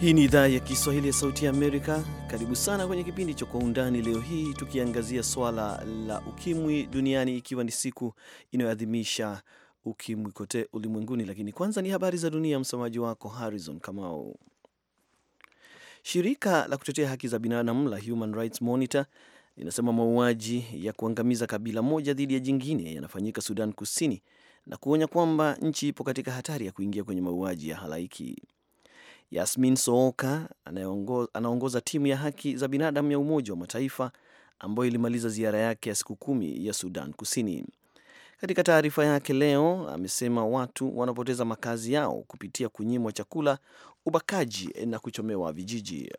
Hii ni idhaa ya Kiswahili ya Sauti ya Amerika. Karibu sana kwenye kipindi cha Kwa Undani. Leo hii tukiangazia swala la ukimwi duniani, ikiwa ni siku inayoadhimisha ukimwi kote ulimwenguni. Lakini kwanza ni habari za dunia, msomaji wako Harrison Kamau. Shirika la kutetea haki za binadamu la Human Rights Monitor linasema mauaji ya kuangamiza kabila moja dhidi ya jingine yanafanyika Sudan Kusini na kuonya kwamba nchi ipo katika hatari ya kuingia kwenye mauaji ya halaiki. Yasmin Sooka anaongoza timu ya haki za binadamu ya Umoja wa Mataifa ambayo ilimaliza ziara yake ya siku kumi ya Sudan Kusini. Katika taarifa yake leo amesema watu wanapoteza makazi yao kupitia kunyimwa chakula, ubakaji na kuchomewa vijiji.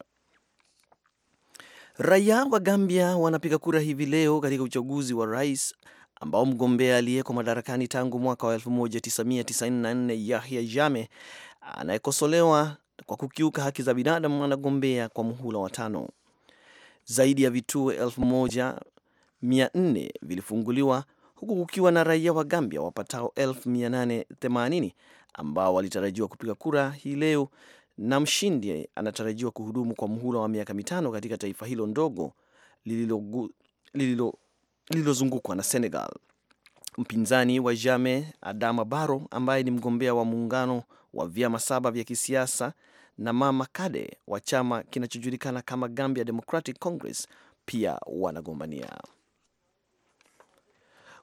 Raia wa Gambia wanapiga kura hivi leo katika uchaguzi wa rais ambao mgombea aliyeko madarakani tangu mwaka wa 1994 Yahya Jame anayekosolewa kwa kukiuka haki za binadamu anagombea kwa muhula wa tano. Zaidi ya vituo 1400 vilifunguliwa huku kukiwa na raia wa Gambia wapatao 1880 ambao walitarajiwa kupiga kura hii leo, na mshindi anatarajiwa kuhudumu kwa muhula wa miaka mitano katika taifa hilo ndogo lililozungukwa lililo, lililo na Senegal. Mpinzani wa Jame Adama Baro ambaye ni mgombea wa muungano wa vyama saba vya kisiasa na Mama Kade wa chama kinachojulikana kama Gambia Democratic Congress pia wanagombania.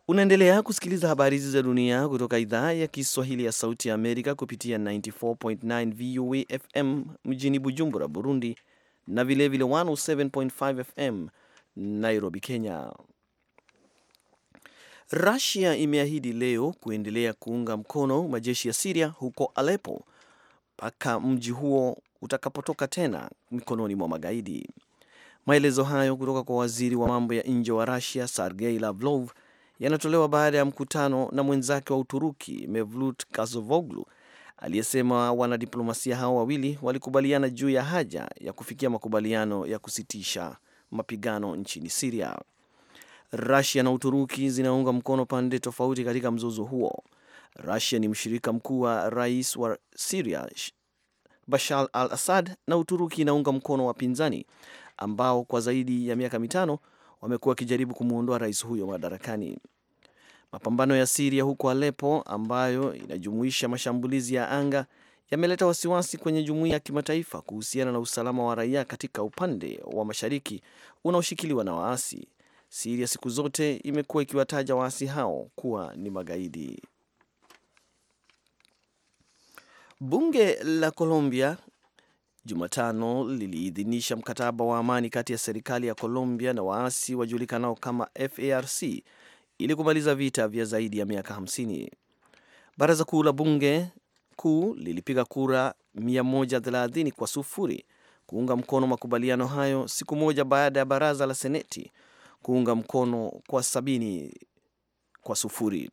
Unaendelea kusikiliza habari hizi za dunia kutoka idhaa ya Kiswahili ya Sauti ya Amerika kupitia 94.9 VOA FM mjini Bujumbura, Burundi, na vilevile 107.5 FM Nairobi, Kenya. Russia imeahidi leo kuendelea kuunga mkono majeshi ya Siria huko Aleppo mpaka mji huo utakapotoka tena mikononi mwa magaidi. Maelezo hayo kutoka kwa waziri wa mambo ya nje wa rasia Sergei Lavrov yanatolewa baada ya mkutano na mwenzake wa Uturuki Mevlut Kazovoglu aliyesema wanadiplomasia hao wawili walikubaliana juu ya haja ya kufikia makubaliano ya kusitisha mapigano nchini Siria. Rusia na Uturuki zinaunga mkono pande tofauti katika mzozo huo Rusia ni mshirika mkuu wa rais wa Siria Bashar al Assad, na Uturuki inaunga mkono wapinzani ambao kwa zaidi ya miaka mitano wamekuwa wakijaribu kumwondoa rais huyo madarakani. Mapambano ya Siria huko Alepo, ambayo inajumuisha mashambulizi ya anga, yameleta wasiwasi kwenye jumuiya ya kimataifa kuhusiana na usalama wa raia katika upande wa mashariki unaoshikiliwa na waasi. Siria siku zote imekuwa ikiwataja waasi hao kuwa ni magaidi. Bunge la Colombia Jumatano liliidhinisha mkataba wa amani kati ya serikali ya Colombia na waasi wajulikanao kama FARC ili kumaliza vita vya zaidi ya miaka 50. Baraza kuu la bunge kuu lilipiga kura 130 kwa sufuri kuunga mkono makubaliano hayo siku moja baada ya baraza la seneti kuunga mkono kwa sabini kwa sufuri.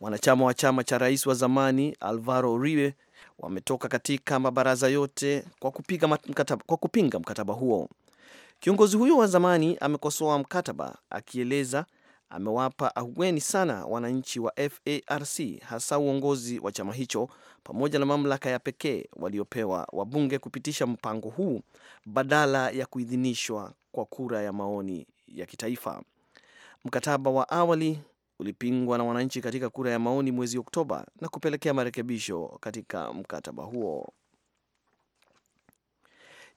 Wanachama wa chama cha rais wa zamani Alvaro Uribe wametoka katika mabaraza yote kwa kupinga mkataba, kwa kupinga mkataba huo. Kiongozi huyo wa zamani amekosoa mkataba akieleza amewapa ahueni sana wananchi wa FARC hasa uongozi wa chama hicho pamoja na mamlaka ya pekee waliopewa wabunge kupitisha mpango huu badala ya kuidhinishwa kwa kura ya maoni ya kitaifa. Mkataba wa awali ulipingwa na wananchi katika kura ya maoni mwezi Oktoba na kupelekea marekebisho katika mkataba huo.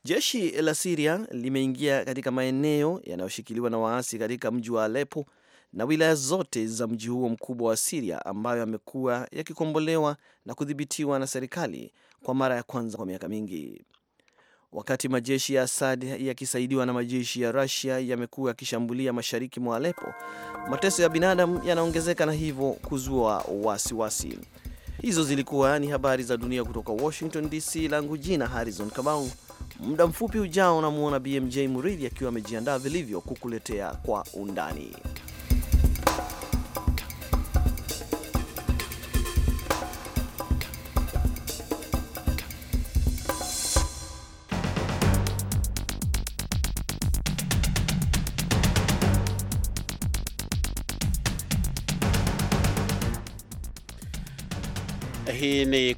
Jeshi la Siria limeingia katika maeneo yanayoshikiliwa na waasi katika mji wa Alepo na wilaya zote za mji huo mkubwa wa Siria ambayo yamekuwa yakikombolewa na kudhibitiwa na serikali kwa mara ya kwanza kwa miaka mingi wakati majeshi ya Assad yakisaidiwa na majeshi ya rusia yamekuwa yakishambulia mashariki mwa alepo mateso ya binadamu yanaongezeka na hivyo kuzua wasiwasi wasi. Hizo zilikuwa ni habari za dunia kutoka Washington DC. Langu jina Harrison Kamau. Muda mfupi ujao unamwona BMJ Muridhi akiwa amejiandaa vilivyo kukuletea kwa undani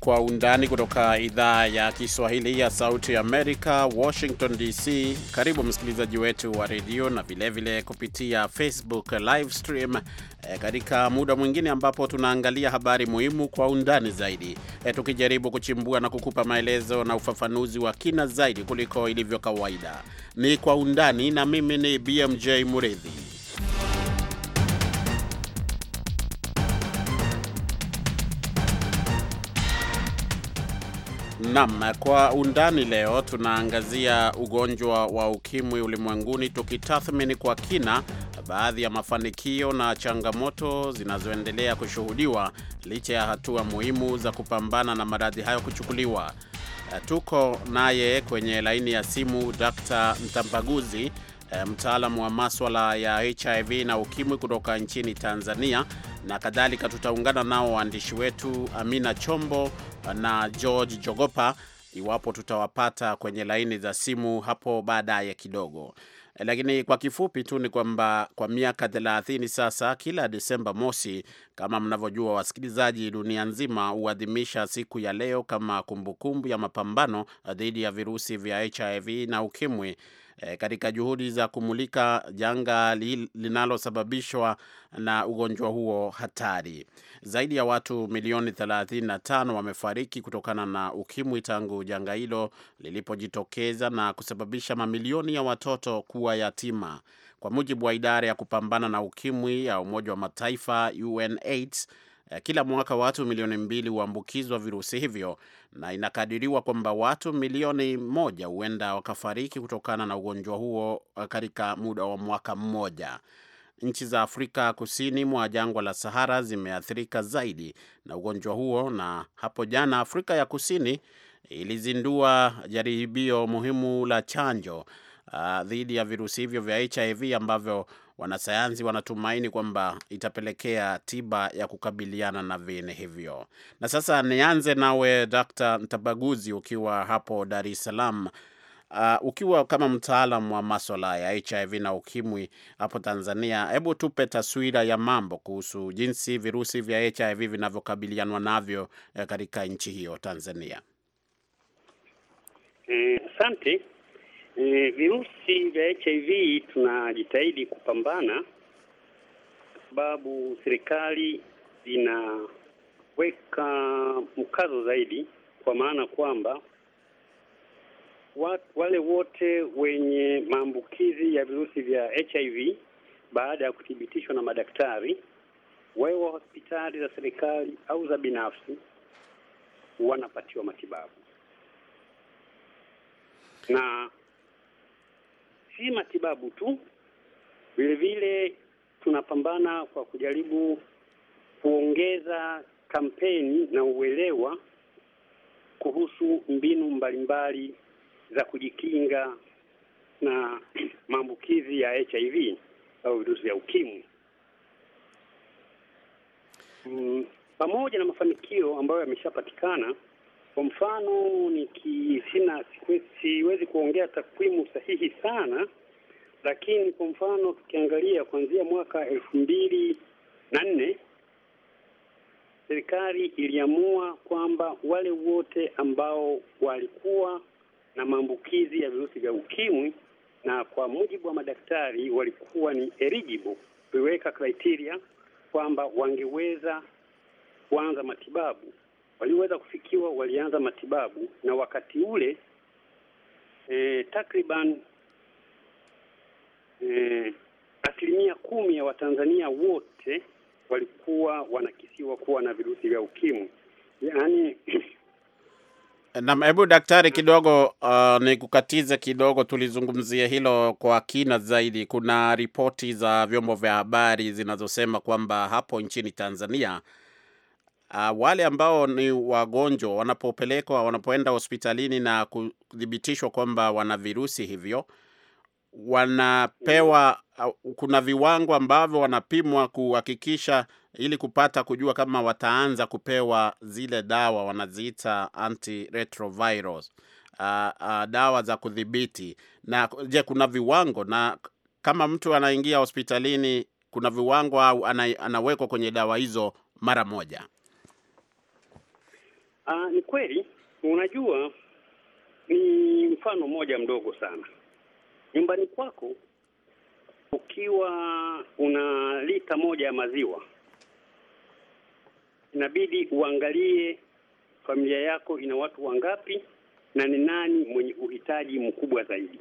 kwa undani kutoka idhaa ya Kiswahili ya Sauti Amerika, Washington DC. Karibu msikilizaji wetu wa redio na vilevile kupitia Facebook live stream e, katika muda mwingine ambapo tunaangalia habari muhimu kwa undani zaidi e, tukijaribu kuchimbua na kukupa maelezo na ufafanuzi wa kina zaidi kuliko ilivyo kawaida. Ni kwa undani, na mimi ni BMJ Muridhi. nam kwa undani leo tunaangazia ugonjwa wa ukimwi ulimwenguni tukitathmini kwa kina baadhi ya mafanikio na changamoto zinazoendelea kushuhudiwa licha ya hatua muhimu za kupambana na maradhi hayo kuchukuliwa. Eh, tuko naye kwenye laini ya simu Dr. Mtambaguzi eh, mtaalamu wa maswala ya HIV na ukimwi kutoka nchini Tanzania na kadhalika. Tutaungana nao waandishi wetu Amina Chombo na George Jogopa iwapo tutawapata kwenye laini za simu hapo baadaye kidogo. Eh, lakini kwa kifupi tu ni kwamba kwa miaka thelathini sasa, kila Desemba mosi, kama mnavyojua wasikilizaji, dunia nzima huadhimisha siku ya leo kama kumbukumbu ya mapambano eh, dhidi ya virusi vya HIV na ukimwi Eh, katika juhudi za kumulika janga li, linalosababishwa na ugonjwa huo hatari. Zaidi ya watu milioni 35 wamefariki kutokana na ukimwi tangu janga hilo lilipojitokeza na kusababisha mamilioni ya watoto kuwa yatima, kwa mujibu wa idara ya kupambana na ukimwi ya Umoja wa Mataifa UNAIDS. Eh, kila mwaka watu milioni mbili huambukizwa virusi hivyo na inakadiriwa kwamba watu milioni moja huenda wakafariki kutokana na ugonjwa huo eh, katika muda wa mwaka mmoja. Nchi za Afrika kusini mwa jangwa la Sahara zimeathirika zaidi na ugonjwa huo, na hapo jana Afrika ya Kusini ilizindua jaribio muhimu la chanjo uh, dhidi ya virusi hivyo vya HIV ambavyo Wanasayansi wanatumaini kwamba itapelekea tiba ya kukabiliana na viini hivyo. Na sasa nianze nawe Dr. Ntabaguzi, ukiwa hapo Dar es Salaam. Uh, ukiwa kama mtaalam wa maswala ya HIV na ukimwi hapo Tanzania, hebu tupe taswira ya mambo kuhusu jinsi virusi vya HIV vinavyokabilianwa navyo eh, katika nchi hiyo Tanzania. Eh, asante. Mm, E, virusi vya HIV tunajitahidi kupambana sababu serikali inaweka mkazo zaidi, kwa maana kwamba wale wote wenye maambukizi ya virusi vya HIV baada ya kuthibitishwa na madaktari, wawe wa hospitali za serikali au za binafsi, wanapatiwa matibabu na si matibabu tu, vile vile tunapambana kwa kujaribu kuongeza kampeni na uelewa kuhusu mbinu mbalimbali za kujikinga na maambukizi ya HIV au virusi vya ukimwi. Mm, pamoja na mafanikio ambayo yameshapatikana kwa mfano niki sina siwezi kuongea takwimu sahihi sana, lakini kwa mfano tukiangalia kuanzia mwaka elfu mbili na nne serikali iliamua kwamba wale wote ambao walikuwa na maambukizi ya virusi vya ukimwi na kwa mujibu wa madaktari walikuwa ni eligible, kuiweka criteria kwamba wangeweza kuanza matibabu walioweza kufikiwa walianza matibabu na wakati ule e, takriban eh, asilimia kumi ya Watanzania wote walikuwa wanakisiwa kuwa na virusi vya ukimwi yaani Naam, hebu daktari kidogo, uh, nikukatize kidogo, tulizungumzia hilo kwa kina zaidi. Kuna ripoti za vyombo vya habari zinazosema kwamba hapo nchini Tanzania uh, wale ambao ni wagonjwa wanapopelekwa, wanapoenda hospitalini na kuthibitishwa kwamba wana virusi hivyo wanapewa kuna viwango ambavyo wanapimwa kuhakikisha ili kupata kujua kama wataanza kupewa zile dawa wanaziita antiretrovirals, uh, uh, dawa za kudhibiti. Na je, kuna viwango, na kama mtu anaingia hospitalini kuna viwango au ana, anawekwa kwenye dawa hizo mara moja? Aa, ah, ni kweli. Unajua, ni mfano mmoja mdogo sana. Nyumbani kwako ukiwa una lita moja ya maziwa, inabidi uangalie familia yako ina watu wangapi na ni nani mwenye uhitaji mkubwa zaidi.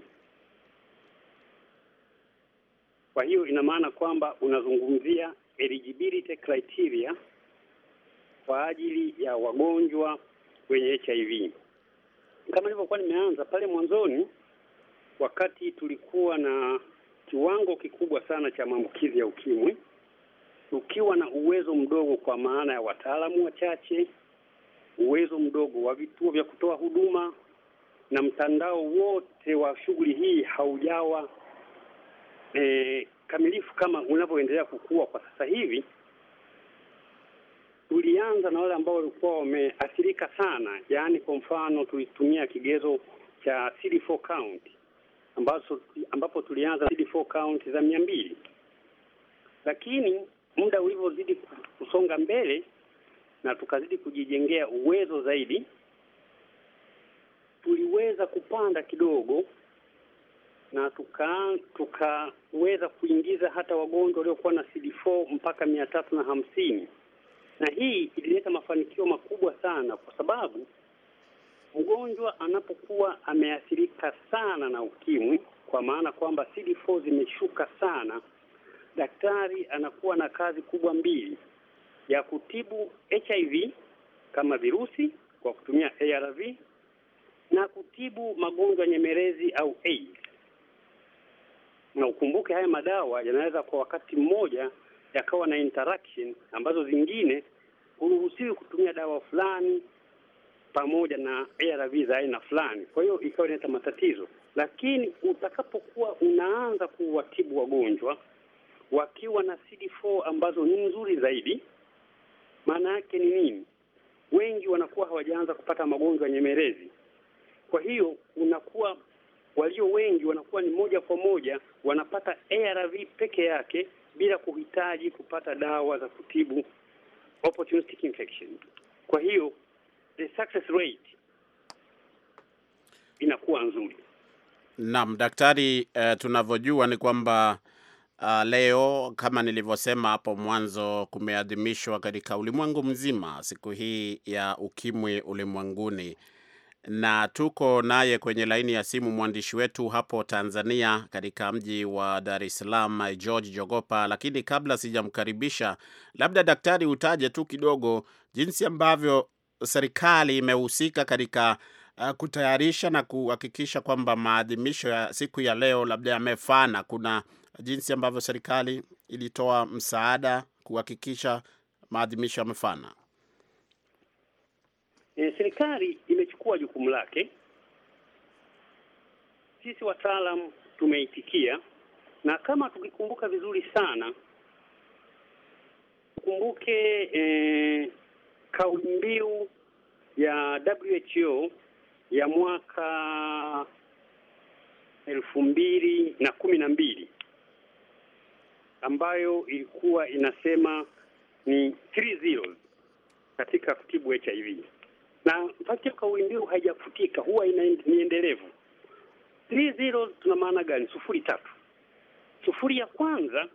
Kwa hiyo ina maana kwamba unazungumzia eligibility criteria kwa ajili ya wagonjwa wenye HIV. Kama nilivyokuwa nimeanza pale mwanzoni, wakati tulikuwa na kiwango kikubwa sana cha maambukizi ya ukimwi, tukiwa na uwezo mdogo, kwa maana ya wataalamu wachache, uwezo mdogo wa vituo vya kutoa huduma, na mtandao wote wa shughuli hii haujawa e, kamilifu kama unavyoendelea kukua kwa sasa hivi tulianza na wale ambao walikuwa wameathirika sana, yaani kwa mfano tulitumia kigezo cha CD4 count ambazo ambapo tulianza CD4 count za mia mbili, lakini muda ulivyozidi kusonga mbele na tukazidi kujijengea uwezo zaidi, tuliweza kupanda kidogo na tuka tukaweza kuingiza hata wagonjwa waliokuwa na CD4 mpaka mia tatu na hamsini na hii ilileta mafanikio makubwa sana, kwa sababu mgonjwa anapokuwa ameathirika sana na ukimwi, kwa maana kwamba CD4 zimeshuka sana, daktari anakuwa na kazi kubwa mbili, ya kutibu HIV kama virusi kwa kutumia ARV na kutibu magonjwa nyemelezi au AIDS. Na ukumbuke haya madawa yanaweza kwa wakati mmoja yakawa na interaction ambazo zingine huruhusiwi kutumia dawa fulani pamoja na ARV za aina fulani, kwa hiyo ikawa inaleta matatizo. Lakini utakapokuwa unaanza kuwatibu wagonjwa wakiwa na CD4 ambazo ni nzuri zaidi, maana yake ni nini? Wengi wanakuwa hawajaanza kupata magonjwa nyemelezi, kwa hiyo unakuwa walio wengi wanakuwa ni moja kwa moja wanapata ARV peke yake bila kuhitaji kupata dawa za kutibu opportunistic infection. Kwa hiyo the success rate inakuwa nzuri. Naam, daktari, eh, tunavyojua ni kwamba Uh, leo kama nilivyosema hapo mwanzo kumeadhimishwa katika ulimwengu mzima siku hii ya ukimwi ulimwenguni na tuko naye kwenye laini ya simu mwandishi wetu hapo Tanzania, katika mji wa Dar es Salaam, George Jogopa. Lakini kabla sijamkaribisha, labda daktari, utaje tu kidogo jinsi ambavyo serikali imehusika katika uh, kutayarisha na kuhakikisha kwamba maadhimisho ya siku ya leo labda yamefana. Kuna jinsi ambavyo serikali ilitoa msaada kuhakikisha maadhimisho yamefana. E, serikali kuwa jukumu lake. Sisi wataalamu tumeitikia, na kama tukikumbuka vizuri sana, tukumbuke eh, kauli mbiu ya WHO ya mwaka elfu mbili na kumi na mbili ambayo ilikuwa inasema ni three zeros katika kutibu HIV na mfatio kwa mbiu haijafutika, huwa ni endelevu. Three zeros tuna maana gani? Sufuri tatu. Sufuri ya kwanza,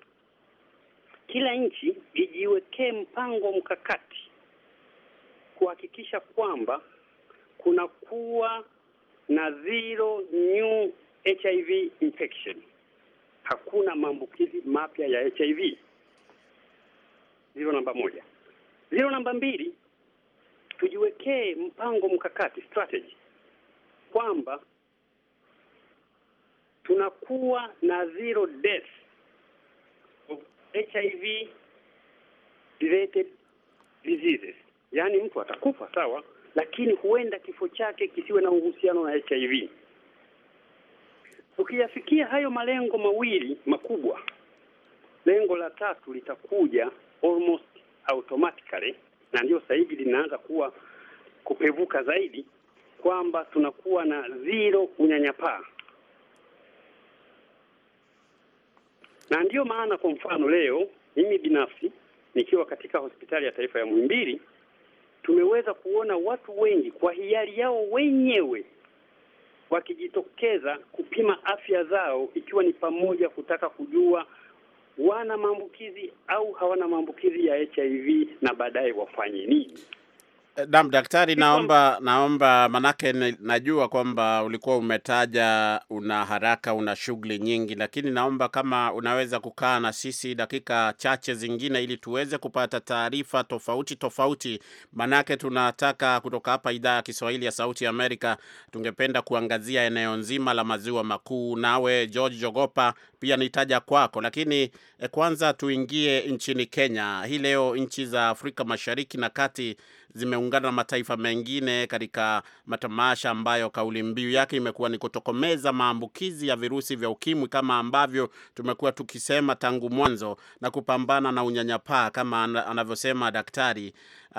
kila nchi ijiwekee mpango mkakati kuhakikisha kwamba kunakuwa na zero new HIV infection, hakuna maambukizi mapya ya HIV. Zero namba moja. Zero namba mbili, tujiwekee mpango mkakati, strategy kwamba tunakuwa na zero death of HIV related diseases, yaani mtu atakufa sawa, lakini huenda kifo chake kisiwe na uhusiano na HIV. Tukiyafikia hayo malengo mawili makubwa, lengo la tatu litakuja almost automatically na ndio sasa hivi linaanza kuwa kupevuka zaidi, kwamba tunakuwa na zero unyanyapaa, na ndiyo maana kwa mfano leo mimi binafsi nikiwa katika hospitali ya taifa ya Muhimbili tumeweza kuona watu wengi kwa hiari yao wenyewe wakijitokeza kupima afya zao, ikiwa ni pamoja kutaka kujua wana maambukizi au hawana maambukizi ya HIV na baadaye wafanye nini? Eh, naam, daktari, naomba naomba, manake najua kwamba ulikuwa umetaja una haraka, una shughuli nyingi, lakini naomba kama unaweza kukaa na sisi dakika chache zingine, ili tuweze kupata taarifa tofauti tofauti, manake tunataka kutoka hapa idhaa ya Kiswahili ya Sauti ya Amerika, tungependa kuangazia eneo nzima la maziwa makuu. Nawe George Jogopa, pia nitaja kwako, lakini eh, kwanza tuingie nchini Kenya. Hii leo nchi za Afrika Mashariki na Kati zimeungana na mataifa mengine katika matamasha ambayo kauli mbiu yake imekuwa ni kutokomeza maambukizi ya virusi vya ukimwi kama ambavyo tumekuwa tukisema tangu mwanzo na kupambana na unyanyapaa kama anavyosema daktari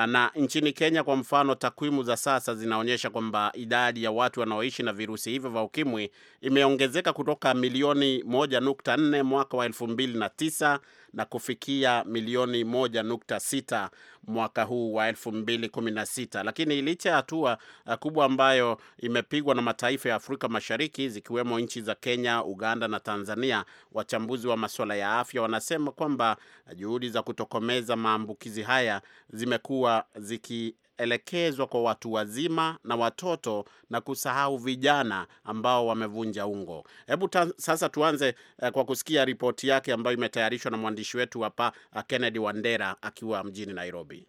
na nchini Kenya kwa mfano, takwimu za sasa zinaonyesha kwamba idadi ya watu wanaoishi na virusi hivyo vya ukimwi imeongezeka kutoka milioni 1.4 mwaka wa 2009 na na kufikia milioni 1.6 mwaka huu wa 2016. Lakini licha ya hatua eh, kubwa ambayo imepigwa na mataifa ya Afrika Mashariki zikiwemo nchi za Kenya, Uganda na Tanzania, wachambuzi wa masuala ya afya wanasema kwamba eh, juhudi za kutokomeza maambukizi haya zimekuwa zimekuwa zikielekezwa kwa watu wazima na watoto na kusahau vijana ambao wamevunja ungo. Hebu sasa tuanze eh, kwa kusikia ripoti yake ambayo imetayarishwa na mwandishi wetu hapa uh, Kennedy Wandera akiwa mjini Nairobi.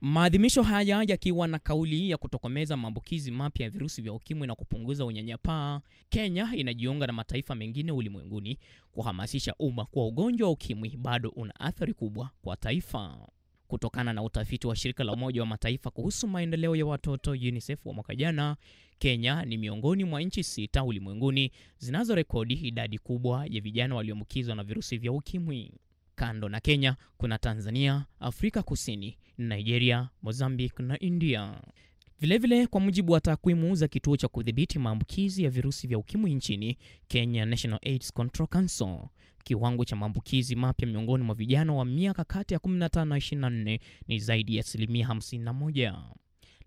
Maadhimisho haya yakiwa na kauli ya kutokomeza maambukizi mapya ya virusi vya ukimwi na kupunguza unyanyapaa, Kenya inajiunga na mataifa mengine ulimwenguni kuhamasisha umma kwa ugonjwa wa ukimwi bado una athari kubwa kwa taifa. Kutokana na utafiti wa shirika la Umoja wa Mataifa kuhusu maendeleo ya watoto UNICEF wa mwaka jana, Kenya ni miongoni mwa nchi sita ulimwenguni zinazorekodi idadi kubwa ya vijana walioambukizwa na virusi vya ukimwi. Kando na Kenya kuna Tanzania, Afrika Kusini, Nigeria, Mozambique na India. Vilevile vile, kwa mujibu wa takwimu za kituo cha kudhibiti maambukizi ya virusi vya ukimwi nchini Kenya National AIDS Control Council, Kiwango cha maambukizi mapya miongoni mwa vijana wa miaka kati ya 15 na 24 ni zaidi ya asilimia 51.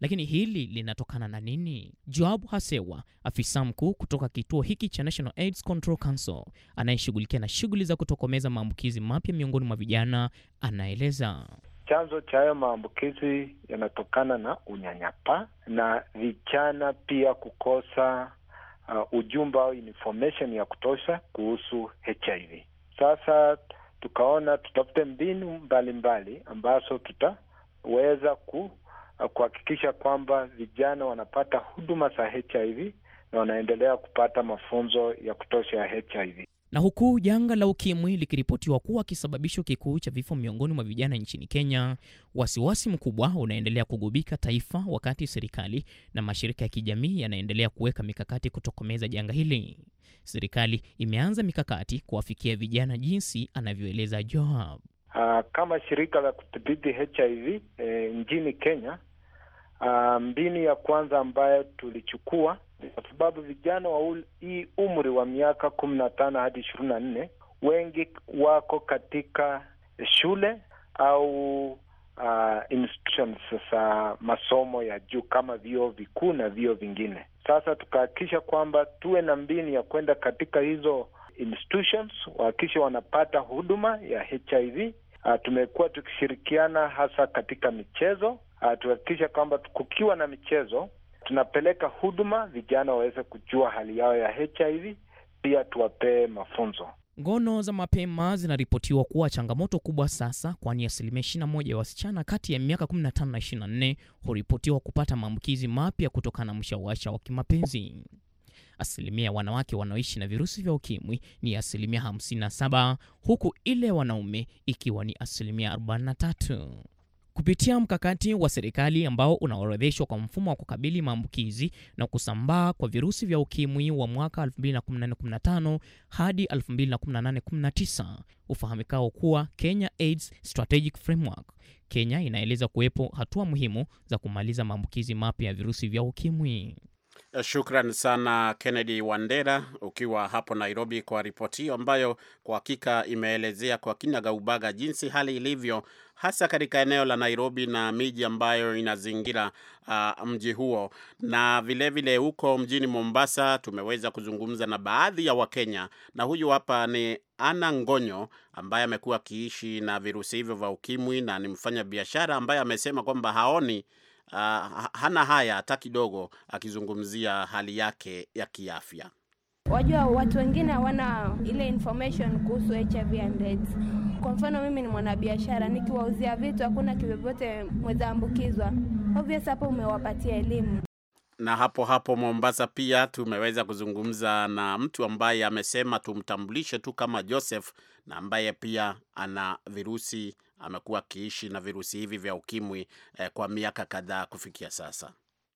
Lakini hili linatokana na nini? Joab Hasewa, afisa mkuu kutoka kituo hiki cha National AIDS Control Council anayeshughulikia na shughuli za kutokomeza maambukizi mapya miongoni mwa vijana, anaeleza chanzo cha hayo maambukizi yanatokana na unyanyapaa na vijana pia kukosa uh, ujumbe au information ya kutosha kuhusu HIV. Sasa tukaona tutafute mbinu mbalimbali ambazo tutaweza ku uh, kuhakikisha kwamba vijana wanapata huduma za HIV na wanaendelea kupata mafunzo ya kutosha ya HIV. Na huku janga la ukimwi likiripotiwa kuwa kisababisho kikuu cha vifo miongoni mwa vijana nchini Kenya, wasiwasi mkubwa unaendelea kugubika taifa wakati serikali na mashirika ya kijamii yanaendelea kuweka mikakati kutokomeza janga hili. Serikali imeanza mikakati kuwafikia vijana jinsi anavyoeleza Joab. Uh, kama shirika la kudhibiti HIV eh, nchini Kenya Uh, mbinu ya kwanza ambayo tulichukua kwa sababu vijana wa hii umri wa miaka kumi na tano hadi ishirini na nne wengi wako katika shule au uh, institutions za masomo ya juu kama vio vikuu na vio vingine. Sasa tukahakikisha kwamba tuwe na mbinu ya kwenda katika hizo institutions wahakikishe wanapata huduma ya HIV. Uh, ah, tumekuwa tukishirikiana hasa katika michezo uh, ah, tuhakikisha kwamba kukiwa na michezo tunapeleka huduma, vijana waweze kujua hali yao ya HIV, pia tuwapee mafunzo. Ngono za mapema zinaripotiwa kuwa changamoto kubwa sasa, kwani asilimia 21 ya wasichana kati ya miaka 15 na 24 huripotiwa kupata maambukizi mapya kutokana na mshawasha wa kimapenzi. Asilimia ya wanawake wanaoishi na virusi vya ukimwi ni asilimia 57, huku ile wanaume ikiwa ni asilimia 43 kupitia mkakati wa serikali ambao unaorodheshwa kwa mfumo wa kukabili maambukizi na kusambaa kwa virusi vya ukimwi wa mwaka 2014-15 hadi 2018-19 ufahamikao kuwa Kenya AIDS Strategic Framework. Kenya inaeleza kuwepo hatua muhimu za kumaliza maambukizi mapya ya virusi vya ukimwi. Eh, shukran sana Kennedy Wandera, ukiwa hapo Nairobi, kwa ripoti hiyo ambayo kwa hakika imeelezea kwa kina gaubaga jinsi hali ilivyo hasa katika eneo la Nairobi na miji ambayo inazingira uh, mji huo. Na vilevile vile huko mjini Mombasa tumeweza kuzungumza na baadhi ya Wakenya, na huyu hapa ni Ana Ngonyo ambaye amekuwa akiishi na virusi hivyo vya ukimwi na ni mfanya biashara ambaye amesema kwamba haoni uh, hana haya hata kidogo, akizungumzia hali yake ya kiafya. Wajua, watu wengine hawana ile information kuhusu HIV and AIDS. Kwa mfano mimi ni mwanabiashara, nikiwauzia vitu hakuna kivyovyote mwezaambukizwa, obvious hapo umewapatia elimu na hapo hapo Mombasa pia tumeweza kuzungumza na mtu ambaye amesema tumtambulishe tu kama Joseph na ambaye pia ana virusi amekuwa akiishi na virusi hivi vya ukimwi eh, kwa miaka kadhaa kufikia sasa.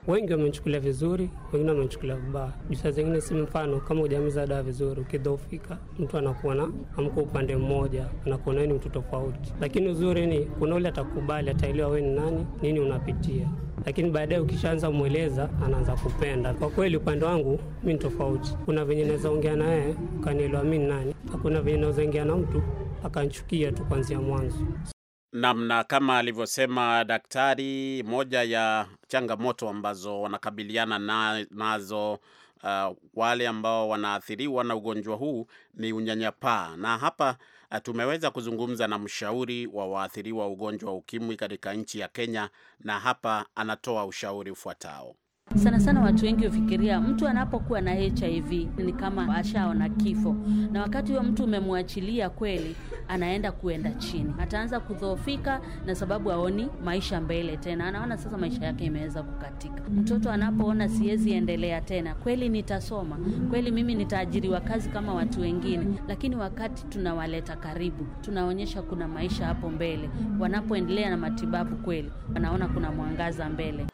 Wengi wamechukulia vizuri, wengine wamenichukulia vibaya. Jusa zingine si mfano, kama hujamiza dawa vizuri, ukidhoofika, mtu anakuwa na amko upande mmoja, anakuona ni mtu tofauti. Lakini uzuri ni kuna ule atakubali, ataelewa we ni nani, nini unapitia lakini baadaye ukishaanza mweleza anaanza kupenda. Kwa kweli, upande wangu mi ni tofauti. Kuna venye naweza ongea na yeye ukanielewa mi nani, hakuna venye naweza ongea na mtu akanchukia tu kuanzia mwanzo. Namna kama alivyosema daktari, moja ya changamoto ambazo wanakabiliana na, nazo uh, wale ambao wanaathiriwa na ugonjwa huu ni unyanyapaa, na hapa uh, tumeweza kuzungumza na mshauri wa waathiriwa ugonjwa wa ukimwi katika nchi ya Kenya, na hapa anatoa ushauri ufuatao. Sana sana watu wengi hufikiria mtu anapokuwa na HIV ni kama ashaona kifo, na wakati huyo mtu umemwachilia kweli, anaenda kuenda chini, ataanza kudhoofika, na sababu aoni maisha mbele tena, anaona sasa maisha yake imeweza kukatika. Mtoto anapoona siwezi endelea tena, kweli nitasoma, kweli mimi nitaajiriwa kazi kama watu wengine, lakini wakati tunawaleta karibu, tunaonyesha kuna maisha hapo mbele, wanapoendelea na matibabu kweli wanaona kuna mwangaza mbele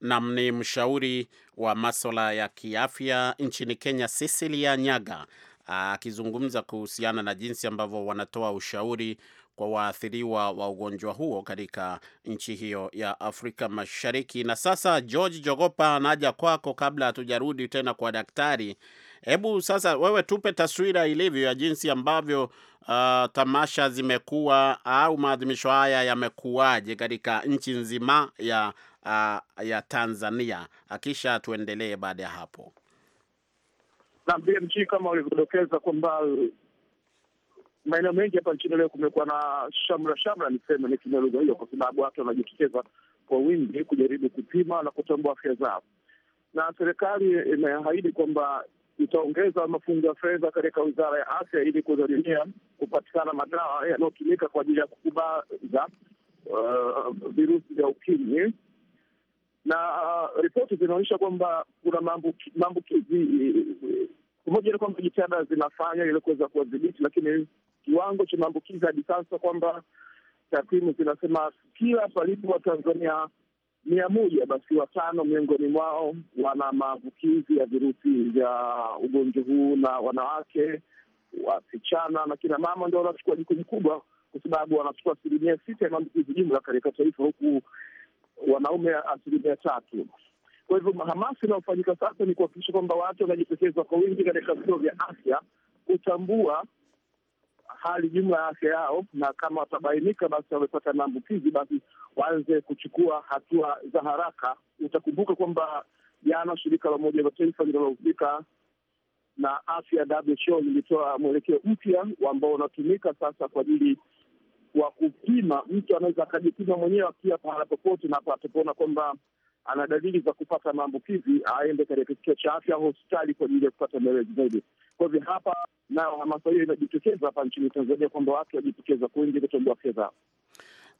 na ni mshauri wa maswala ya kiafya nchini Kenya, Cecilia Nyaga akizungumza kuhusiana na jinsi ambavyo wanatoa ushauri kwa waathiriwa wa ugonjwa huo katika nchi hiyo ya Afrika Mashariki. Na sasa George Jogopa anaja kwako, kabla hatujarudi tena kwa daktari. Hebu sasa wewe tupe taswira ilivyo ya jinsi ambavyo uh, tamasha zimekuwa au maadhimisho haya yamekuwaje katika nchi nzima ya uh, ya Tanzania. akisha tuendelee baada ya hapo na BMG kama ulivyodokeza kwamba uh, maeneo mengi hapa nchini leo kumekuwa na shamra shamra, niseme nitumia lugha hiyo, kwa sababu watu wanajitokeza kwa wingi kujaribu kupima na kutambua afya zao, na serikali imeahidi kwamba itaongeza mafungu ya fedha katika wizara ya afya ili kudhaminia kupatikana madawa yanayotumika kwa ajili ya kukubaza uh, virusi vya ukimwi na uh, ripoti zinaonyesha kwamba kuna maambukizi pamoja eh, eh, na kwamba jitihada zinafanya ili kuweza kuwadhibiti, lakini kiwango cha maambukizi hadi sasa kwamba takwimu zinasema kila palipo Watanzania mia moja basi watano miongoni mwao wana maambukizi ya virusi vya ugonjwa huu, na wanawake, wasichana na kina mama ndio wanachukua jukumu kubwa, kwa sababu wanachukua asilimia sita ya maambukizi jumla katika taifa, huku wanaume asilimia tatu. Kwa hivyo hamasa inayofanyika sasa ni kuhakikisha kwamba watu wanajitokeza kwa wingi katika vituo vya afya kutambua hali jumla ya afya yao, na kama watabainika basi wamepata maambukizi, basi waanze kuchukua hatua za haraka. Utakumbuka kwamba jana shirika la Umoja wa Mataifa linalohusika na afya WHO lilitoa mwelekeo mpya ambao unatumika sasa kwa ajili wa kupima, mtu anaweza akajipima mwenyewe akiwa pahala popote, na atakapoona kwamba ana dalili za kupata maambukizi aende katika kituo cha afya au hospitali kwa ajili ya kupata maelezo zaidi. Kwa hivyo hapa nayo hamasa hiyo inajitokeza hapa nchini Tanzania kwamba watu wajitokeza kuingi kutoboa fedha.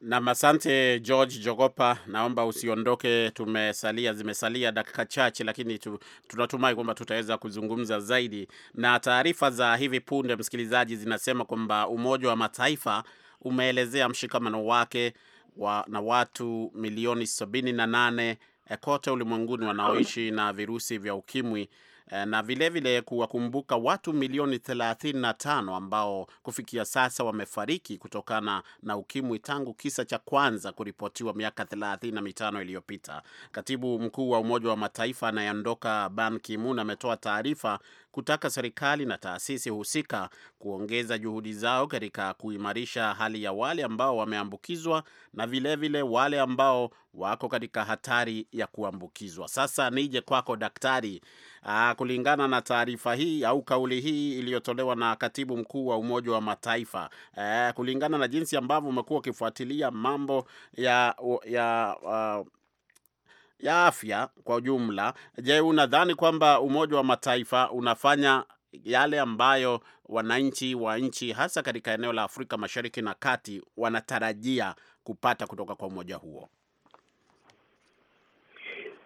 Nam, asante George Jogopa, naomba usiondoke. Tumesalia zimesalia dakika chache, lakini tu, tunatumai kwamba tutaweza kuzungumza zaidi. Na taarifa za hivi punde, msikilizaji, zinasema kwamba Umoja wa Mataifa umeelezea mshikamano wake wa, na watu milioni sabini na nane eh, kote ulimwenguni wanaoishi na virusi vya ukimwi eh, na vilevile kuwakumbuka watu milioni 35 ambao kufikia sasa wamefariki kutokana na ukimwi tangu kisa cha kwanza kuripotiwa miaka 35 iliyopita. Katibu mkuu wa Umoja wa Mataifa anayeondoka Ban Ki-moon ametoa taarifa kutaka serikali na taasisi husika kuongeza juhudi zao katika kuimarisha hali ya wale ambao wameambukizwa na vilevile vile wale ambao wako katika hatari ya kuambukizwa. Sasa nije kwako daktari. Aa, ah, kulingana na taarifa hii au kauli hii iliyotolewa na katibu mkuu wa Umoja wa Mataifa, aa, eh, kulingana na jinsi ambavyo umekuwa ukifuatilia mambo ya, ya uh, ya afya kwa ujumla, je, unadhani kwamba Umoja wa Mataifa unafanya yale ambayo wananchi wa nchi hasa katika eneo la Afrika Mashariki na Kati wanatarajia kupata kutoka kwa umoja huo?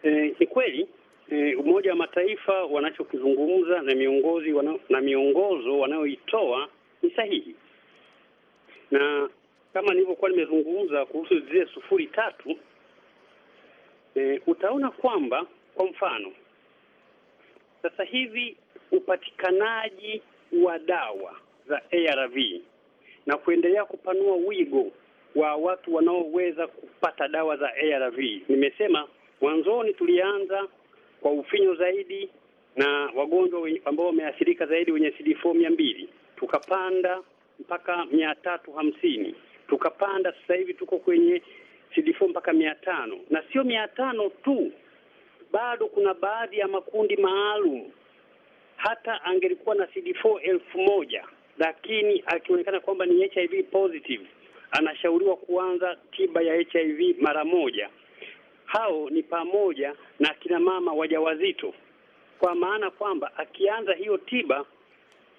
Eh, ni e, kweli e, Umoja wa Mataifa wanachokizungumza na miongozi wana, na miongozo wanayoitoa ni sahihi, na kama nilivyokuwa nimezungumza kuhusu zile sufuri tatu e, utaona kwamba kwa mfano sasa hivi upatikanaji wa dawa za ARV na kuendelea kupanua wigo wa watu wanaoweza kupata dawa za ARV. Nimesema mwanzoni tulianza kwa ufinyo zaidi na wagonjwa ambao wameathirika zaidi wenye CD4 mia mbili, tukapanda mpaka mia tatu hamsini, tukapanda sasa hivi tuko kwenye CD4 mpaka mia tano na sio mia tano tu, bado kuna baadhi ya makundi maalum. Hata angelikuwa na CD4 elfu moja lakini akionekana kwamba ni HIV positive anashauriwa kuanza tiba ya HIV mara moja. Hao ni pamoja na akina mama wajawazito, kwa maana kwamba akianza hiyo tiba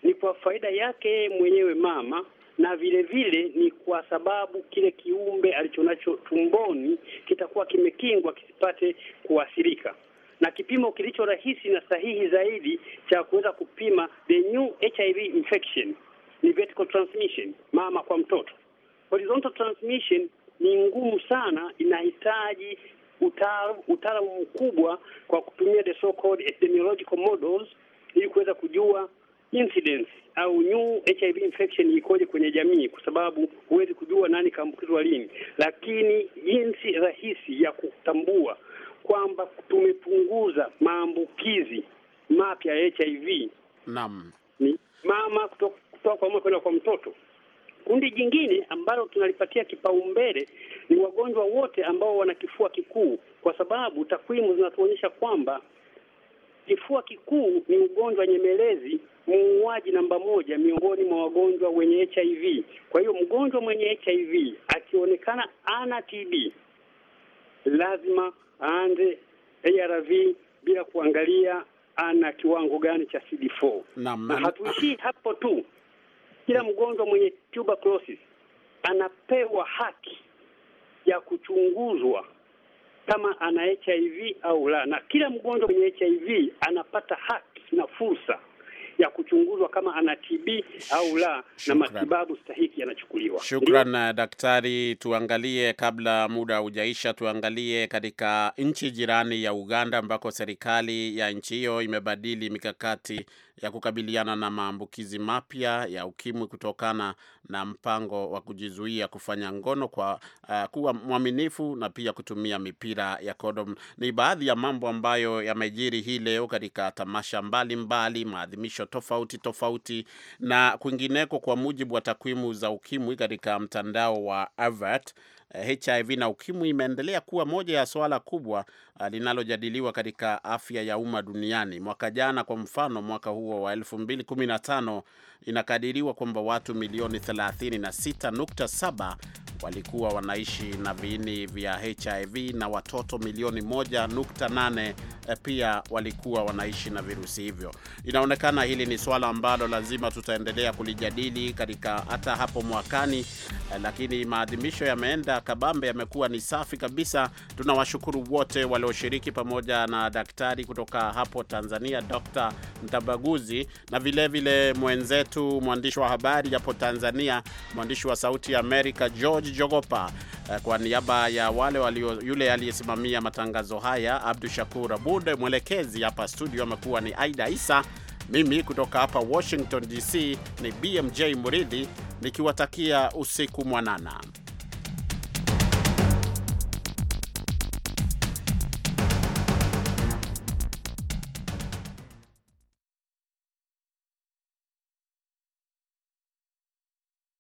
ni kwa faida yake mwenyewe mama na vile vile ni kwa sababu kile kiumbe alichonacho tumboni kitakuwa kimekingwa kisipate kuathirika na kipimo kilicho rahisi na sahihi zaidi cha kuweza kupima the new HIV infection ni vertical transmission, mama kwa mtoto. Horizontal transmission ni ngumu sana, inahitaji utaalamu mkubwa kwa kutumia the so called epidemiological models ili kuweza kujua incidence au new HIV infection ikoje kwenye jamii, kwa sababu huwezi kujua nani kaambukizwa lini, lakini jinsi rahisi ya kutambua kwamba tumepunguza maambukizi mapya ya HIV naam, ni mama kutoka kwa mama kwenda kwa mtoto. Kundi jingine ambalo tunalipatia kipaumbele ni wagonjwa wote ambao wana kifua kikuu, kwa sababu takwimu zinatuonyesha kwamba Kifua kikuu ni ugonjwa nyemelezi muuaji namba moja miongoni mwa wagonjwa wenye HIV. Kwa hiyo mgonjwa mwenye HIV akionekana ana TB lazima aanze ARV bila kuangalia ana kiwango gani cha CD4. Naam, na hatuishii hapo tu. Kila mgonjwa mwenye tuberculosis anapewa haki ya kuchunguzwa kama ana HIV au la, na kila mgonjwa mwenye HIV anapata haki na fursa ya kuchunguzwa kama ana TB au la, na matibabu stahiki yanachukuliwa. Shukran daktari. Tuangalie, kabla muda hujaisha tuangalie katika nchi jirani ya Uganda ambako serikali ya nchi hiyo imebadili mikakati ya kukabiliana na maambukizi mapya ya ukimwi kutokana na mpango wa kujizuia kufanya ngono kwa uh, kuwa mwaminifu na pia kutumia mipira ya kondom. Ni baadhi ya mambo ambayo yamejiri hii leo katika tamasha mbalimbali, maadhimisho tofauti tofauti na kwingineko, kwa mujibu wa takwimu za ukimwi katika mtandao wa Avert. HIV na ukimwi imeendelea kuwa moja ya suala kubwa ah, linalojadiliwa katika afya ya umma duniani. Mwaka jana, kwa mfano, mwaka huo wa 2015 inakadiriwa kwamba watu milioni 36.7 walikuwa wanaishi na viini vya HIV na watoto milioni 1.8 eh, pia walikuwa wanaishi na virusi hivyo. Inaonekana hili ni swala ambalo lazima tutaendelea kulijadili katika hata hapo mwakani Eh, lakini maadhimisho yameenda kabambe, yamekuwa ni safi kabisa. Tunawashukuru wote walioshiriki, pamoja na daktari kutoka hapo Tanzania, Dr. Mtabaguzi, na vilevile vile mwenzetu mwandishi wa habari hapo Tanzania, mwandishi wa Sauti ya Amerika George Jogopa, eh, kwa niaba ya wale walio, yule aliyesimamia matangazo haya Abdu Shakur Abud, mwelekezi hapa studio amekuwa ni Aida Isa. Mimi kutoka hapa Washington DC ni BMJ Muridhi nikiwatakia usiku mwanana.